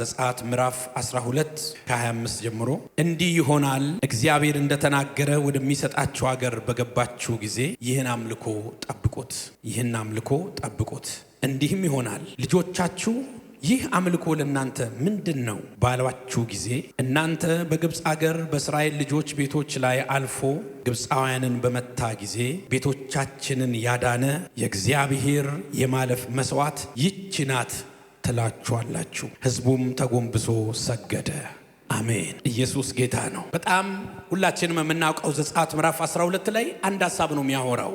ዘጸአት ምዕራፍ 12 ከ25 ጀምሮ እንዲህ ይሆናል፣ እግዚአብሔር እንደተናገረ ወደሚሰጣችሁ አገር በገባችሁ ጊዜ ይህን አምልኮ ጠብቁት፣ ይህን አምልኮ ጠብቁት። እንዲህም ይሆናል ልጆቻችሁ ይህ አምልኮ ለእናንተ ምንድን ነው ባሏችሁ ጊዜ እናንተ በግብፅ አገር በእስራኤል ልጆች ቤቶች ላይ አልፎ ግብፃውያንን በመታ ጊዜ ቤቶቻችንን ያዳነ የእግዚአብሔር የማለፍ መስዋዕት ይች ናት ትላችኋላችሁ። ህዝቡም ተጎንብሶ ሰገደ። አሜን። ኢየሱስ ጌታ ነው። በጣም ሁላችንም የምናውቀው ዘጸአት ምዕራፍ 12 ላይ አንድ ሀሳብ ነው የሚያወራው።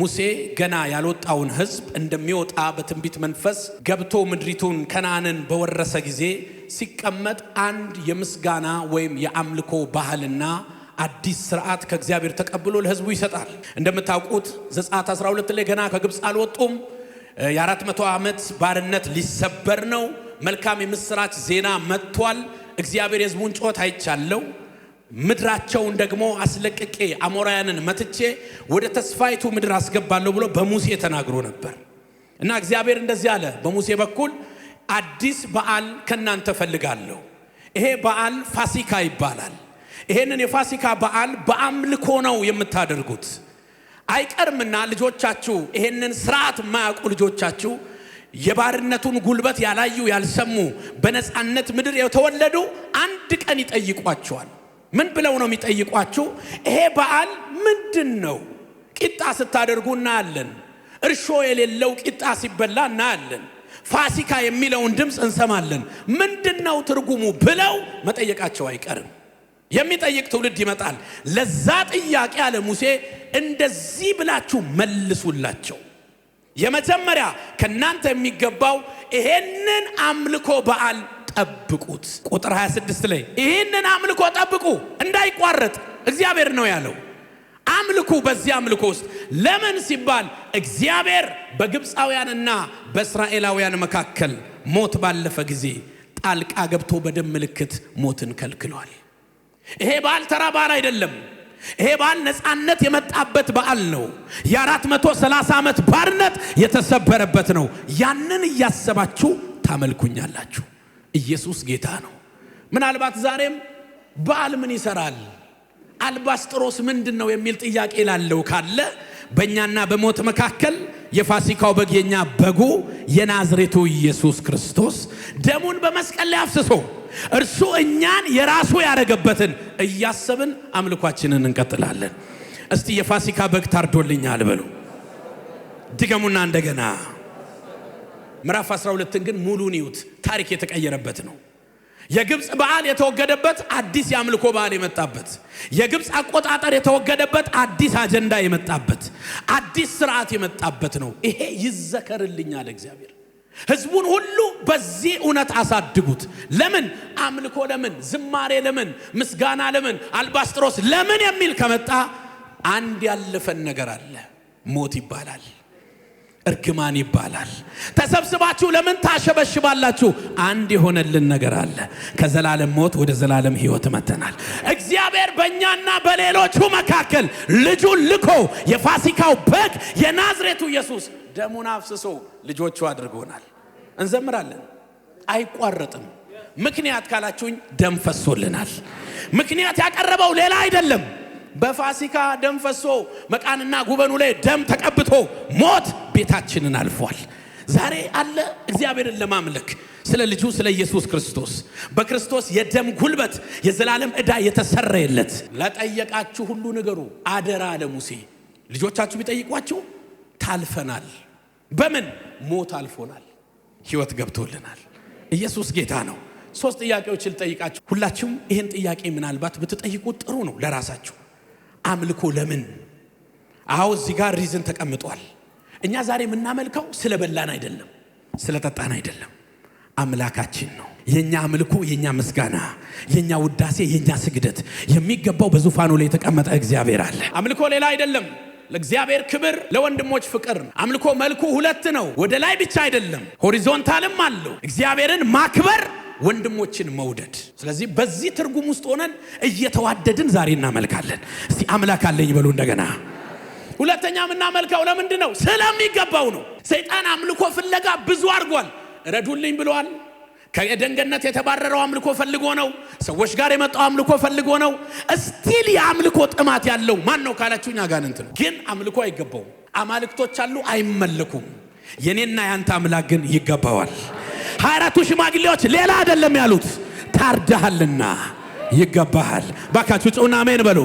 ሙሴ ገና ያልወጣውን ህዝብ እንደሚወጣ በትንቢት መንፈስ ገብቶ ምድሪቱን ከነአንን በወረሰ ጊዜ ሲቀመጥ አንድ የምስጋና ወይም የአምልኮ ባህልና አዲስ ስርዓት ከእግዚአብሔር ተቀብሎ ለህዝቡ ይሰጣል። እንደምታውቁት ዘጸአት 12 ላይ ገና ከግብፅ አልወጡም። የአራት መቶ ዓመት ባርነት ሊሰበር ነው። መልካም የምስራች ዜና መጥቷል። እግዚአብሔር የሕዝቡን ጮት አይቻለው። ምድራቸውን ደግሞ አስለቅቄ አሞራውያንን መትቼ ወደ ተስፋይቱ ምድር አስገባለሁ ብሎ በሙሴ ተናግሮ ነበር እና እግዚአብሔር እንደዚህ አለ በሙሴ በኩል አዲስ በዓል ከናንተ ፈልጋለሁ። ይሄ በዓል ፋሲካ ይባላል። ይሄንን የፋሲካ በዓል በአምልኮ ነው የምታደርጉት አይቀርምና ልጆቻችሁ ይሄንን ስርዓት የማያውቁ ልጆቻችሁ የባርነቱን ጉልበት ያላዩ ያልሰሙ በነፃነት ምድር የተወለዱ አንድ ቀን ይጠይቋቸዋል። ምን ብለው ነው የሚጠይቋችሁ? ይሄ በዓል ምንድን ነው? ቂጣ ስታደርጉ እናያለን። እርሾ የሌለው ቂጣ ሲበላ እናያለን። ፋሲካ የሚለውን ድምፅ እንሰማለን። ምንድን ነው ትርጉሙ ብለው መጠየቃቸው አይቀርም። የሚጠይቅ ትውልድ ይመጣል። ለዛ ጥያቄ አለ ሙሴ እንደዚህ ብላችሁ መልሱላቸው። የመጀመሪያ ከእናንተ የሚገባው ይሄንን አምልኮ በዓል ጠብቁት። ቁጥር 26 ላይ ይህንን አምልኮ ጠብቁ እንዳይቋረጥ እግዚአብሔር ነው ያለው። አምልኩ። በዚህ አምልኮ ውስጥ ለምን ሲባል እግዚአብሔር በግብፃውያንና በእስራኤላውያን መካከል ሞት ባለፈ ጊዜ ጣልቃ ገብቶ በደም ምልክት ሞትን ከልክሏል። ይሄ በዓል ተራ በዓል አይደለም። ይሄ በዓል ነፃነት የመጣበት በዓል ነው። የአራት መቶ ሰላሳ ዓመት ባርነት የተሰበረበት ነው። ያንን እያሰባችሁ ታመልኩኛላችሁ። ኢየሱስ ጌታ ነው። ምናልባት ዛሬም በዓል ምን ይሰራል አልባስጥሮስ ምንድን ነው የሚል ጥያቄ ላለው ካለ በእኛና በሞት መካከል የፋሲካው በግ የኛ በጉ የናዝሬቱ ኢየሱስ ክርስቶስ ደሙን በመስቀል ላይ አፍስሶ እርሱ እኛን የራሱ ያደረገበትን እያሰብን አምልኳችንን እንቀጥላለን። እስቲ የፋሲካ በግ ታርዶልኛል በሉ ድገሙና እንደገና። ምዕራፍ 12ን ግን ሙሉን ይዩት። ታሪክ የተቀየረበት ነው። የግብፅ በዓል የተወገደበት አዲስ የአምልኮ በዓል የመጣበት፣ የግብፅ አቆጣጠር የተወገደበት አዲስ አጀንዳ የመጣበት፣ አዲስ ስርዓት የመጣበት ነው። ይሄ ይዘከርልኛል እግዚአብሔር ህዝቡን ሁሉ በዚህ እውነት አሳድጉት። ለምን አምልኮ፣ ለምን ዝማሬ፣ ለምን ምስጋና፣ ለምን አልባስጥሮስ፣ ለምን የሚል ከመጣ አንድ ያለፈን ነገር አለ። ሞት ይባላል፣ እርግማን ይባላል። ተሰብስባችሁ ለምን ታሸበሽባላችሁ? አንድ የሆነልን ነገር አለ። ከዘላለም ሞት ወደ ዘላለም ህይወት መተናል። እግዚአብሔር በእኛና በሌሎቹ መካከል ልጁን ልኮ የፋሲካው በግ የናዝሬቱ ኢየሱስ ደሙን አፍስሶ ልጆቹ አድርጎናል። እንዘምራለን፣ አይቋረጥም። ምክንያት ካላችሁኝ ደም ፈሶልናል። ምክንያት ያቀረበው ሌላ አይደለም። በፋሲካ ደም ፈሶ መቃንና ጉበኑ ላይ ደም ተቀብቶ ሞት ቤታችንን አልፏል። ዛሬ አለ እግዚአብሔርን ለማምለክ ስለ ልጁ ስለ ኢየሱስ ክርስቶስ በክርስቶስ የደም ጉልበት የዘላለም ዕዳ የተሰረየለት ለጠየቃችሁ ሁሉ ንገሩ አደራ አለ ሙሴ። ልጆቻችሁ ቢጠይቋችሁ ታልፈናል በምን ሞት አልፎናል፣ ህይወት ገብቶልናል። ኢየሱስ ጌታ ነው። ሶስት ጥያቄዎች ልጠይቃችሁ። ሁላችሁም ይህን ጥያቄ ምናልባት ብትጠይቁ ጥሩ ነው ለራሳችሁ። አምልኮ ለምን? አዎ እዚህ ጋር ሪዝን ተቀምጧል። እኛ ዛሬ የምናመልከው ስለበላን አይደለም፣ ስለጠጣን አይደለም፣ አምላካችን ነው። የኛ አምልኮ፣ የኛ ምስጋና፣ የኛ ውዳሴ፣ የኛ ስግደት የሚገባው በዙፋኑ ላይ የተቀመጠ እግዚአብሔር አለ። አምልኮ ሌላ አይደለም። ለእግዚአብሔር ክብር፣ ለወንድሞች ፍቅር። አምልኮ መልኩ ሁለት ነው። ወደ ላይ ብቻ አይደለም፣ ሆሪዞንታልም አለው። እግዚአብሔርን ማክበር፣ ወንድሞችን መውደድ። ስለዚህ በዚህ ትርጉም ውስጥ ሆነን እየተዋደድን ዛሬ እናመልካለን። እስቲ አምላክ አለኝ በሉ እንደገና። ሁለተኛ የምናመልከው ለምንድን ነው? ስለሚገባው ነው። ሰይጣን አምልኮ ፍለጋ ብዙ አድርጓል። ረዱልኝ ብለዋል። ከደንገነት የተባረረው አምልኮ ፈልጎ ነው። ሰዎች ጋር የመጣው አምልኮ ፈልጎ ነው። እስቲል የአምልኮ ጥማት ያለው ማን ነው ካላችሁኝ፣ አጋንንት ነው። ግን አምልኮ አይገባውም። አማልክቶች አሉ፣ አይመለኩም። የኔና ያንተ አምላክ ግን ይገባዋል። ሀያ አራቱ ሽማግሌዎች ሌላ አይደለም ያሉት፣ ታርዳሃልና ይገባሃል። ባካችሁ ጽና አሜን በሉ።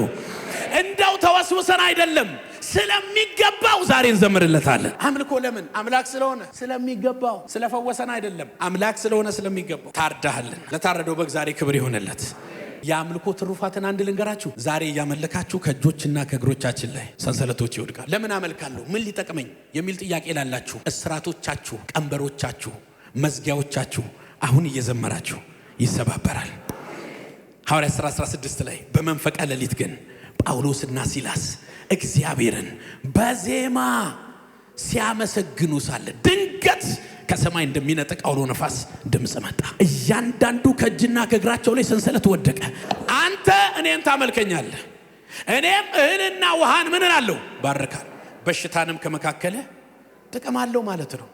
እንደው ተወስውሰን አይደለም ስለሚገባው ዛሬ እንዘምርለታለን። አምልኮ ለምን አምላክ ስለሆነ ስለሚገባው፣ ስለፈወሰን አይደለም አምላክ ስለሆነ ስለሚገባው ታርዳሃለን። ለታረደው በግ ዛሬ ክብር ይሆንለት። የአምልኮ ትሩፋትን አንድ ልንገራችሁ። ዛሬ እያመለካችሁ ከእጆችና ከእግሮቻችን ላይ ሰንሰለቶች ይወድቃል። ለምን አመልካለሁ? ምን ሊጠቅመኝ የሚል ጥያቄ ላላችሁ እስራቶቻችሁ፣ ቀንበሮቻችሁ፣ መዝጊያዎቻችሁ አሁን እየዘመራችሁ ይሰባበራል። ሐዋርያ ሥራ 16 ላይ በመንፈቀ ሌሊት ግን ጳውሎስና ሲላስ እግዚአብሔርን በዜማ ሲያመሰግኑ ሳለ ድንገት ከሰማይ እንደሚነጥቅ አውሎ ነፋስ ድምፅ መጣ። እያንዳንዱ ከእጅና ከእግራቸው ላይ ሰንሰለት ወደቀ። አንተ እኔን ታመልከኛል እኔም እህልና ውሃን ምንን አለው ባርካል፣ በሽታንም ከመካከለ ጥቅም አለው ማለት ነው።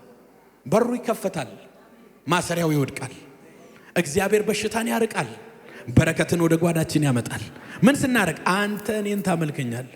በሩ ይከፈታል፣ ማሰሪያው ይወድቃል። እግዚአብሔር በሽታን ያርቃል። በረከትን ወደ ጓዳችን ያመጣል። ምን ስናደርግ አንተ እኔን ታመልከኛል